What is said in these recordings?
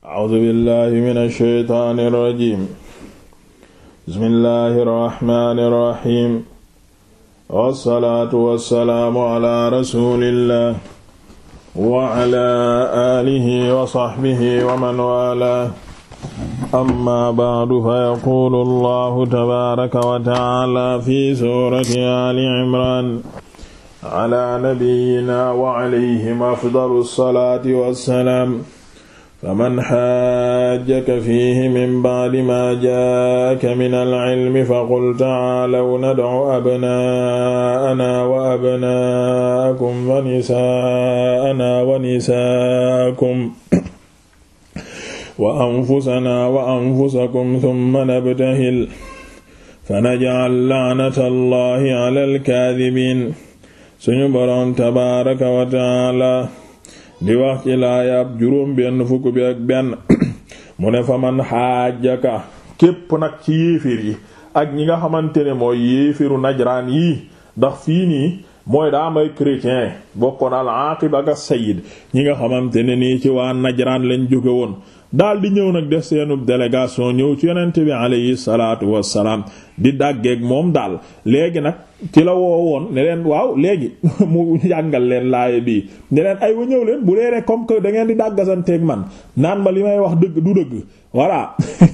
A'uuzu billaahi mina shaytaani rajiim. Bismillaahi rahmaani rahiim. Wassalaatu wassalaamu alaa rasuulillaah wa alaa aalihi wa sahbihi wa man waalaah. Ammaa ba'du fayaquulu Allaahu tabaaraka wa ta'aalaa fi suurati Aali Imraan alaa nabiyyinaa wa alayhim afdalu salaati wassalaam. faman xaajaka fiihi min bacdi maa jaaka min alcilmi faqul tacaalaw nadcu abnaa'anaa wa abnaa'akum wa nisaa'anaa wa nisaa'akum wa anfusanaa wa anfusakum summa nabtahil fanajcal lacnata allahi cala alkaadibiin suñu boroom tabaaraka wa tacaala di wax ci laayaab juróom benn fukk bi ak benn mu ne fa man xaajaka képp nag ci yéeféer yi ak ñi nga xamante ne mooy yéeféeru najraan yi ndax fii nii mooy daa may chrétien bokkoon al aqib ak sayid ñi nga xamante ne nii ci waa najraan lañ jóge woon daal di ñëw nag def seenub délégation ñëw ci yonent bi alayhi salaatu wassalaam di dàggeeg moom daal léegi nag ci la woo woon ne leen waaw léegi mu jàngal leen laaye bii ne leen ay wa ñëw leen bu dee rek comme que da ngeen di dàggasanteeg man naan ma li may wax dëgg du dëgg voilà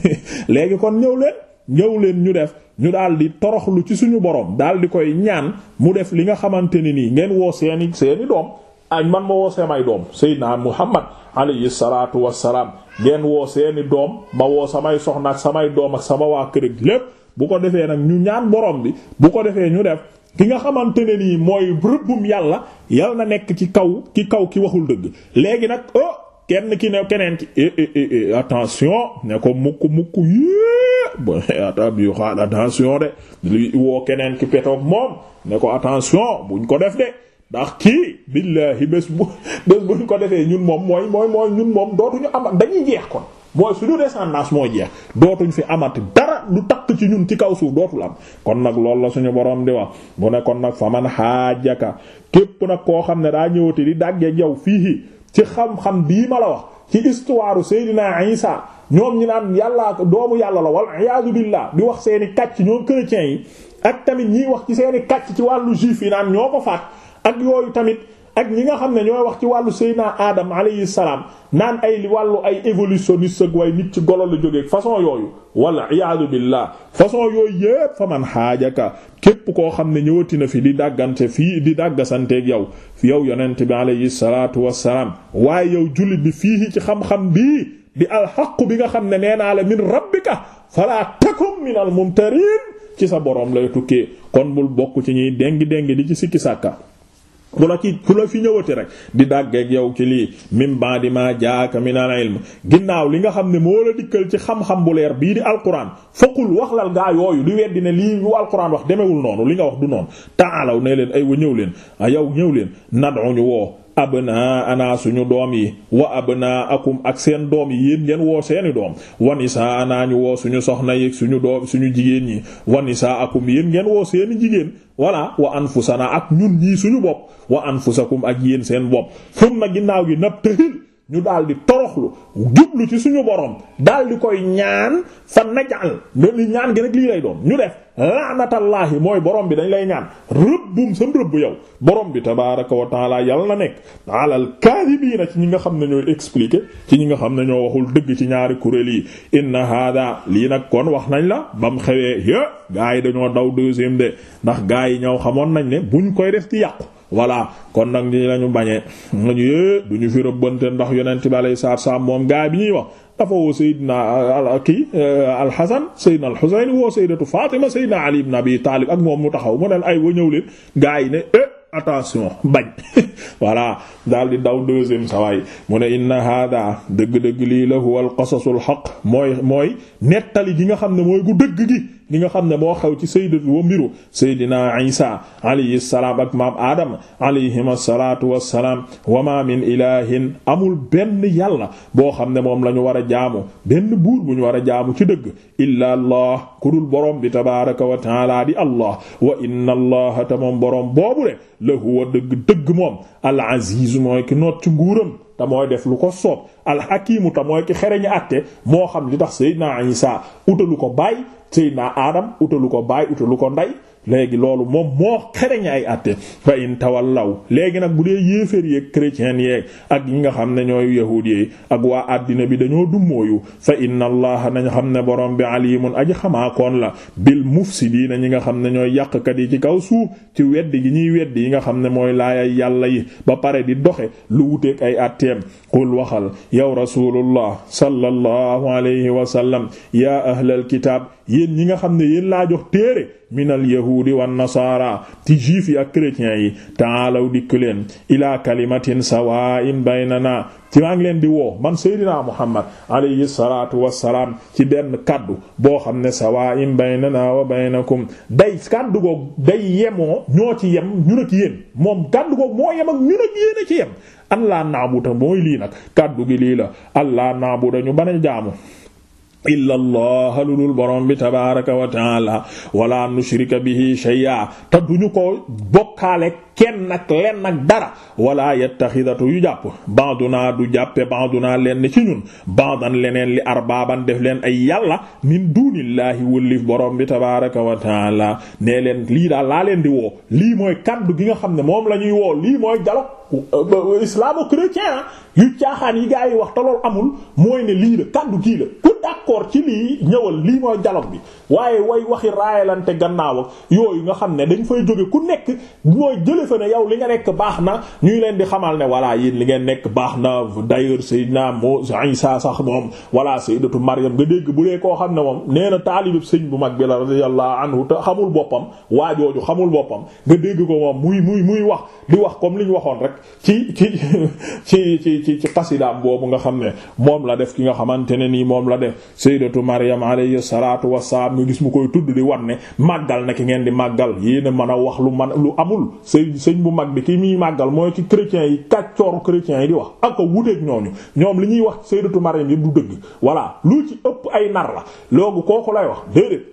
léegi kon ñëw leen ñëw leen ñu def ñu daal di toroxlu ci suñu boroom daal di koy ñaan mu def li nga xamante ne nii ngeen woo seeni seeni doom añ man ma woo samay doom Seydina Muhammad alayhi salaatu wassalaam ngeen woo seeni doom ma woo samay soxna samay doom ak sama waa kër ak lépp bu ko defee nag ñu ñaan boroom bi bu ko defee ñu def ki nga xamante ne nii mooy rëbbum yàlla yal na nekk ci kaw ki kaw ki waxul dëgg léegi nag oh kenn ki ne keneen ki eh, eh, eh, attention ne ko mukk mukk yée bon atab yu xaal attention de li woo keneen ki petoog moom ne ko attention buñ ko def de ndax kii billaahi bés bu bés buñ ko defee ñun moom mooy mooy mooy ñun moom dootuñu amat dañuy jeex kon mooy suñu descendance mooy jeex dootuñ fi amati dara lu takk ci ñun ci kaw suuf dootul am kon nag loolu la suñu borom di wax bu ne kon nag fa man xaajaka képp nag koo xam ne daa ñëwati di dàggeeg yow fii ci xam-xam bii ma la wax ci histoire Seydina Isa ñoom ñi naan yàllaa ko doomu yàlla la wal iyaadu billah di wax seeni kàcc ñoom chrétiens yi ak tamit ñiy wax ci seeni kàcc ci wàllu juif yi naan ñoo ko faat ak yooyu tamit ak ñi nga xam ne ñooy wax ci wàllu Seydina Adam alayhi salaam naan ay wàllu ay évolutionniste ak way nit ci golo la jógee façon yooyu wala iyaadu billah façon yooyu yépp fa man xaajaka képp koo xam ne ñëwati na fi di dàggante fii di dàggasanteeg yow yow yonent bi alayhi salaatu wassalaam waaye yow jullit bi fii ci xam-xam bi di alxaqu bi nga xam ne nee naa la min rabbika fala takum min al ci sa boroom lay tukkee kon bul bokk ci ñuy déngi déngi di ci sikki sàkka ku la ci ku la fi ñëwati rek di dàggeeg yow ci lii mim di ma jaaka minal ilm ginnaaw li nga xam ne moo la dikkal ci xam-xam bu leer bii di alquran faqul wax lal gaa yooyu di weddi ne lii yu alquran wax demewul noonu li nga wax du noonu taalaw ne leen ay wa ñëw leen a yow ñëw leen nad'u ñu woo abnaa anaa suñu doom yi wa abnaa akum ak seen doom yi yéen ngeen woo seeni doom wanisa anaa ñu woo suñu soxna yi suñu doom suñu jigéen ñi wanisa akum yéen ngeen woo seeni jigéen walla wa anfusana ak ñun ñii suñu bopp wa anfusakum ak yéen seen bopp summa ginnaaw gi nabtahil ñu daal di toroxlu jublu ci suñu borom daal di koy ñaan fa najal li ñaan gi nag lii lay doon ñu def laanatallaahi mooy borom bi dañ lay ñaan rëbbum sam rëbb yow borom bi tabaaraka wa taala yal na nekk alal kaadibiina ci ñi nga xam ne ñooy expliquer ci ñi nga xam ne ñoo waxul dëgg ci ñaari kuréel yi inna hada lii nag kon wax nañ la bam xewee yé gaa yi dañoo daw deuxième de ndax gaa yi ñoo xamoon nañ ne buñ koy def ci yàqu voilà kon nag ñi lañu bañee nañu duñu fi rëbbante ndax yonent bi alayhi salaam moom gaa bi ñuy wax dafa woo Seydina al kii euh, alxasan Seydina alxusayn woo Seydatu Fatima Seydina Ali ibn Abi Taalib ak moom mu taxaw mu ne ay wa ñëw leen gaa yi ne eh, attention bañ voilà daal di daw deuxième sawaay mu ne inna hada dëgg-dëgg lii la huwa al qasasul xaq mooy mooy nettali gi nga xam ne mooy gu dëgg gi li nga xam ne moo xew ci sayyidatu wa mbiru saydina isa alayhi salaam ak maam aadama alayhim asalatu wassalaam wa ma min ilahin amul benn yàlla boo xam ne moom lañu war a jaamu benn buur bu ñu war a jaamu ci dëgg illa allah ku dul boroom bi tabaraka wa taala di allah wa inna allaha ta moom boroom boobu de la huwa dëgg dëgg moom al aziz mooy ki noot ci nguuram te def lu ko soob al hakimu te mooy ki xereñu àtte moo xam li tax sayyidina isa utalu ko bàyyi Seydina Adam utalu ko baay utalu ko ndey léegi loolu moom moo xereñ ay àtte fa tawal law léegi nag bu dee yéeféer yeeg chrétiens yeeg ak yi nga xam ne ñooy yahuud yi ak waa àddina bi dañoo dummóoyu fa inna allaha nañ xam ne borom bi alimun aj xamaakoon la bil mufsidiina ñi nga xam ne ñooy yàqkat yi ci kaw suuf ci weddi gi ñuy weddi yi nga xam ne mooy ay yàlla yi ba pare di doxe lu wuteeg ay àtteem qul waxal yow rasulullah sallallahu alayhi wa sallam yaa ahlal kitaab yéen ñi nga xam ne yéen laa jox téere minal yahuudi wan nasaara ti juif ak chrétiens yi taalaw dikk leen ilaa kalimatin sawaa'in baynana ci maa ngi leen di woo man Seydina Muhammad alayhi salaatu wassalaam ci benn kàddu boo xam ne sawaa'in baynana wa baynakum day kaddu googu day yemoo ñoo ci yem ñun ak yéen moom kaddu googu moo yem ak ñun ak yéen a ci yem Allah naabuta mooy lii nag kaddu gi lii la Allah naabuta ñu bana jaamu illa allah lu dul borom bi tabaaraka wa taala wala nushrika bihi shay'a te duñu ko bokkaale kenn nag leen nag dara wala yattaxidatu yu jàpp bandunaa du jàppe bandunaa leen ci ñun bandan leneen li arbaaban def leen ay yàlla min dunillahi wëllif borom bi tabaraka wa taala nee leen lii daal laa leen di woo lii mooy kàddu gi nga xam ne moom la ñuy woo lii mooy dialogue euh, islamo-chrétien ah. yu caaxaan yi gaa yi wax te loolu amul mooy ne lii la kaddu gii la ku d'accord ci lii ñëwal lii mooy dialogue bi waaye way waxi raayalante gannaaw yooyu nga xam ne defe ne yow li nga nekk baax na ñuy leen di xamal ne voilà yéen li ngeen nekk baax na d'ailleurs Seydina moo Isa sax moom voilà Sayyidatu Maryam nga dégg bu dee koo xam ne moom nee na taalibab sëñ bu mag bi la radiyallahu anhu te xamul boppam waajooju xamul boppam nga dégg ko moom muy muy muy wax di wax comme li waxoon rek ci ci ci ci ci ci xasidaam boobu nga xam ne moom la def ki nga xamante ne nii moom la def Sayyidatu Maryam alayhi salaatu wassalaam nga gis mu koy tudd di war ne màggal na ki ngeen di màggal yéen a a wax lu man lu amul sëñ bu mag bi ki muy màggal mooy ci chrétiens yi kàccooru chrétiens yi di wax ak wuteeg ñooñu ñoom li ñuy wax sayyidatu Maryam yëpp du dëgg voilà lu ci ëpp ay nar la loogu kooku lay wax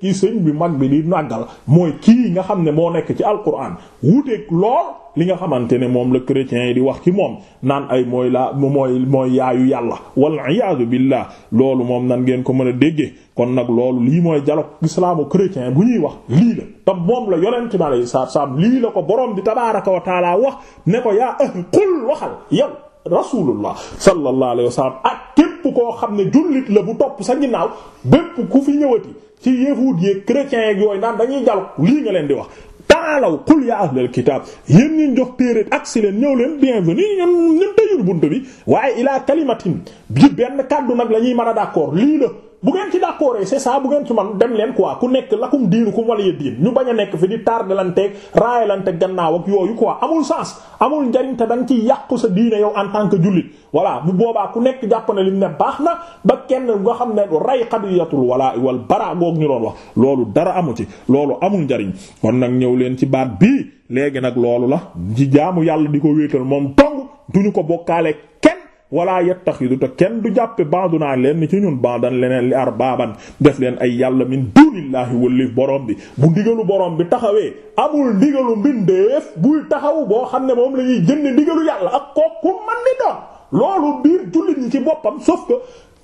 kii sëñ bi mag bi di màggal mooy kii nga xam ne moo nekk ci alquran wuteeg lool li nga xamante ne moom la chrétiens yi di wax ci moom naan ay mooy laa moo mooy yaayu yàlla wal iyaadu billah loolu moom nan ngeen ko mën a déggee kon nag loolu lii mooy dialogue islamo chrétien bu ñuy wax lii la te moom la yonent bi alayhi salaatu salaam lii la ko borom bi tabaaraka wa taala wax ne ko yaa ah qul waxal yow rasulullah sallallahu alayhi wa sallam ak képp koo xam ne jullit la bu topp sa ginnaaw bépp ku fi ñëwati ci yahuud yi chrétiens yeeg yooyu naan dañuy jàll lii nga leen di wax. taalaw qul ya ahlal kitaab yéen ñu jox téere ak si leen ñëw leen bienvenue ñun ñun tëjul bunt bi waaye ilaa kalimatin bi benn kàddu nag la ñuy mën a d'accord lii la. bu ngeen ci d'accord c'est ça bu ngeen ci man dem leen quoi ku nekk lakum diinukum waliya diin ñu bañ a nekk fi di tardelanteeg raayalanteeg gannaaw ak yooyu quoi amul sens amul njariñ te da nga yàqu sa diine yow en tant que jullit voilà bu boobaa ku nekk jàpp na lim ne baax na ba kenn nga xam ne ray qadiyatul wala wal bara goog ñu doon wax loolu dara amu ci loolu amul njariñ kon nag ñëw leen ci baat bii léegi nag loolu la ci jaamu yàlla di ko wéetal moom tong duñu ko bokkaale kenn wala yattaxidu te kenn du jàppe bandunaa leen ci ñun bandan leneen li arbaaban def leen ay yàlla min dunillahi wëllif borom bi bu ndigalu borom bi taxawee amul ndigalu mbindeef buy taxaw boo xam ne moom la ñuy jënd ndigalu yàlla ak kooku man ni doon loolu biir jullit ñi ci boppam sauf ko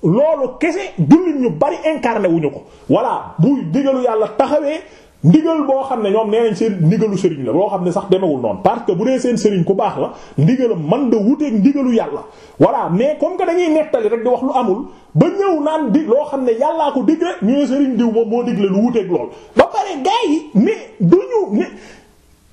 loolu kese jullit ñu bari incarné wuñu ko wala buy ndigalu yàlla taxawee ndigal boo xam ne ñoom nee nañ seen ndigalu sëriñ la boo xam ne sax demewul noonu parce que bu dee seen sëriñ ku baax la ndigalam man da wuteeg ndigalu yàlla voilà mais comme que dañuy nettali rek di wax lu amul ba ñëw naan di loo xam ne yàllaa ko digle ñooy sëriñ diw moom moo digle lu wuteeg lool ba ne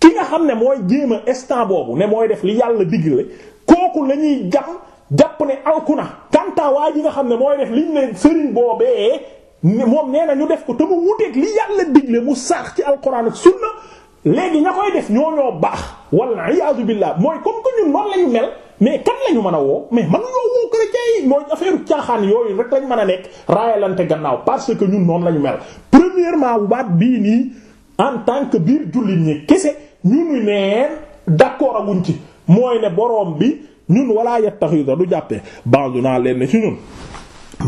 ki nga xam ne mooy jéem a boobu ne mooy def li yàlla digle kooku la ñuy jam jàpp ne alku na kanta waa ji nga xam ne mooy def liñ ne sëriñ boobee moom nee na ñu def ko te mu wuteeg li yàlla digle mu saax ci alquran ak sunna léegi ña koy def ñoo ñoo baax walla iyaadu billah mooy comme que ñun noonu la mais kan la ñu a woo mais man ñoo woo chrétien yi mooy affaire caaxaan yooyu lañ mën a nekk raayalante gannaaw parce que ñun noonu la ñu mel. premièrement waat bii nii en tant que biir jullit ñi kese ñu ngi neen d'accord ci mooy ne boroom bi ñun wala yattaxidu du jàppee bandu naa leen ne ci ñun.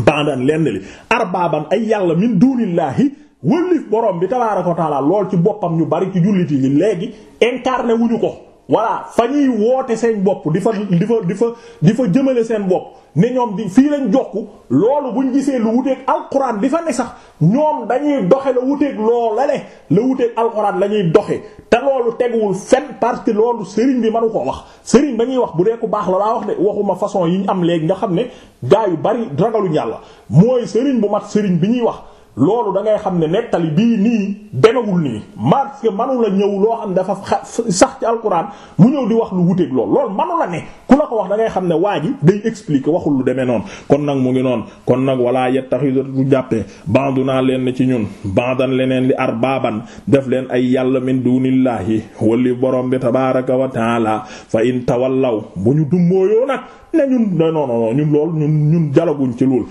baadan lenn li arbaaban ay yàlla min dunillahi wëllif borom bi tabaaraka ko taala lool ci boppam ñu bari ci jullit yi léegi incarné wuñu ko voilà fa ñuy woote seen bopp di fa di fa di fa di fa jëmale seen bopp ne ñoom di fii lañ jokku loolu bu buñ gisee lu wuteeg alxuraan bi fa ne sax ñoom dañuy doxe la wuteeg loo lale la wuteeg alxuraan la ñuy doxe te loolu teguwul fen parce que loolu sëriñ bi mënu ko wax sëriñ ba ñuy wax bu dee ku baax la laa wax de waxuma façon yi ñu am léegi nga xam ne gaa yu bari ragaluñ yàlla mooy sëriñ bu mat sëriñ bi ñuy wax loolu da ngay xam ne nettali bii nii demewul nii parce que la ñëw loo xam dafa sax ci alquran mu ñëw di wax lu wuteeg lool loolu manu la ne ku la ko wax da ngay xam ne waa ji day expliquer waxul lu demee noonu kon nag mu ngi noonu kon nag wala yettaxidu du jàppee bandu naa leen ci ñun bandan leneen li baaban def leen ay yàlla min dunillahi wali borom bi tabaraka wa taala fa in tawallaw bu ñu dummóoyoo nag ne ñun non non non ñun lool ñun ñun jalaguñ ci lool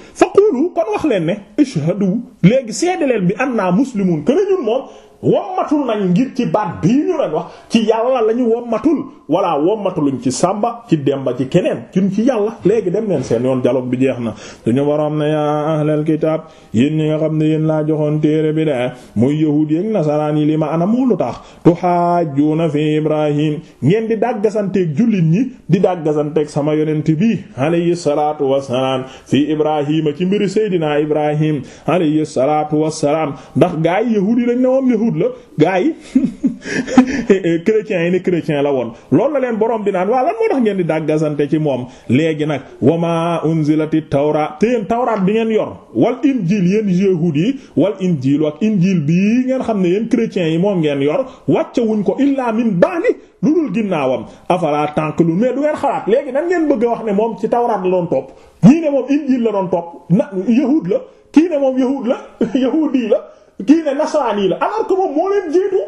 kon wax leen ne ashhadu léegi seede leen bi annaa muslimun que ñun moom wommatul nañ ngir ci baat bii ñu leen wax ci yàlla la ñu wommatul walla wommatuluñ ci sàmba ci demba ci keneen cun ci yàlla léegi dem leen seen yoon dialogue bi jeex na suñu boroom ne yaa ahlal kitaab yéen ñi nga xam ne yéen laa joxoon téere bi de muy yahuud yi ak nasaraan yi li ma ana moo lu tax tuhaajjuuna fi ibrahim ngeen di dàggasanteeg jullit ñi di dàggasanteeg sama yonent bi alayhi salaatu wassalaam fi ibrahima ci mbiri seydinaa ibrahim alayhi salaatu wassalaam ndax gaay yahuud yi lañ ne yahud la gaa yi chrétiens yi ne chrétien la woon loolu la leen borom bi naan waa lan moo tax ngeen di dàggasante ci moom léegi nag wama unzilati tawra te yéen tawraat bi ngeen yor wal injil yéen yahud yi wal injil ak injil bii ngeen xam ne yéen chrétiens yi moom ngeen yor wàcce wuñ ko illa min ba'di lu dul ginnaawam afala tànqlu mais du ngeen xalaat léegi nan ngeen bëgg a wax ne moom ci tawraat la doon topp ñii ne moom injil la doon topp na yahud la kii ne kii ne nasaraan yi la alors que moo leen jiitu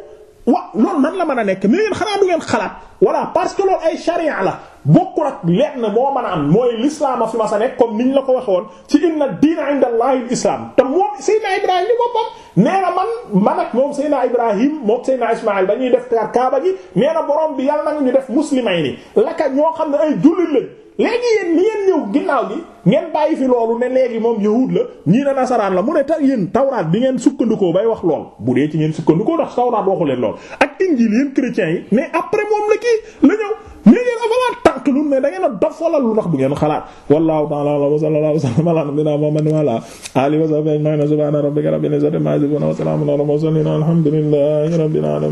wa loolu nan la mën a nekk mais ngeen xanaa du ngeen xalaat voilà parce que loolu ay charia la bokkul ak lenn moo mën a am mooy l'islam fi ma sa nekk comme niñ la ko waxee woon ci inna diina inda allahi l'islam te moom Seydina Ibrahim li boppam nee na man man ak moom Seydina Ibrahim moom Seydina Ismaïl ba ñuy def kaaba gi nee na borom bi yàlla na ñu def muslimay ni laka ñoo xam ne ay jullit lañ léegi yéen li ngeen ñëw ginnaaw gi ngeen bàyyi fi loolu ne léegi moom yahuud la ñii ne nasaraan la mu ne ta yéen tawraat bi ngeen sukkandikoo bay wax lool bu dee ci ngeen sukkandikoo ndax tawraat waxu leen lool ak injil yéen chrétiens yi mais après moom la kii la ñëw mais ngeen afalaat tànk lu ne da ngeen a dof wala lu ndax du ngeen xalaat wallahu ta'ala a'lam wa sallallahu wa sallam ala nabiyyina muhammadin wa ala alihi wa sahbihi ajma'in subhana rabbika rabbil izzati amma yasifun wa salamun ala al mursalin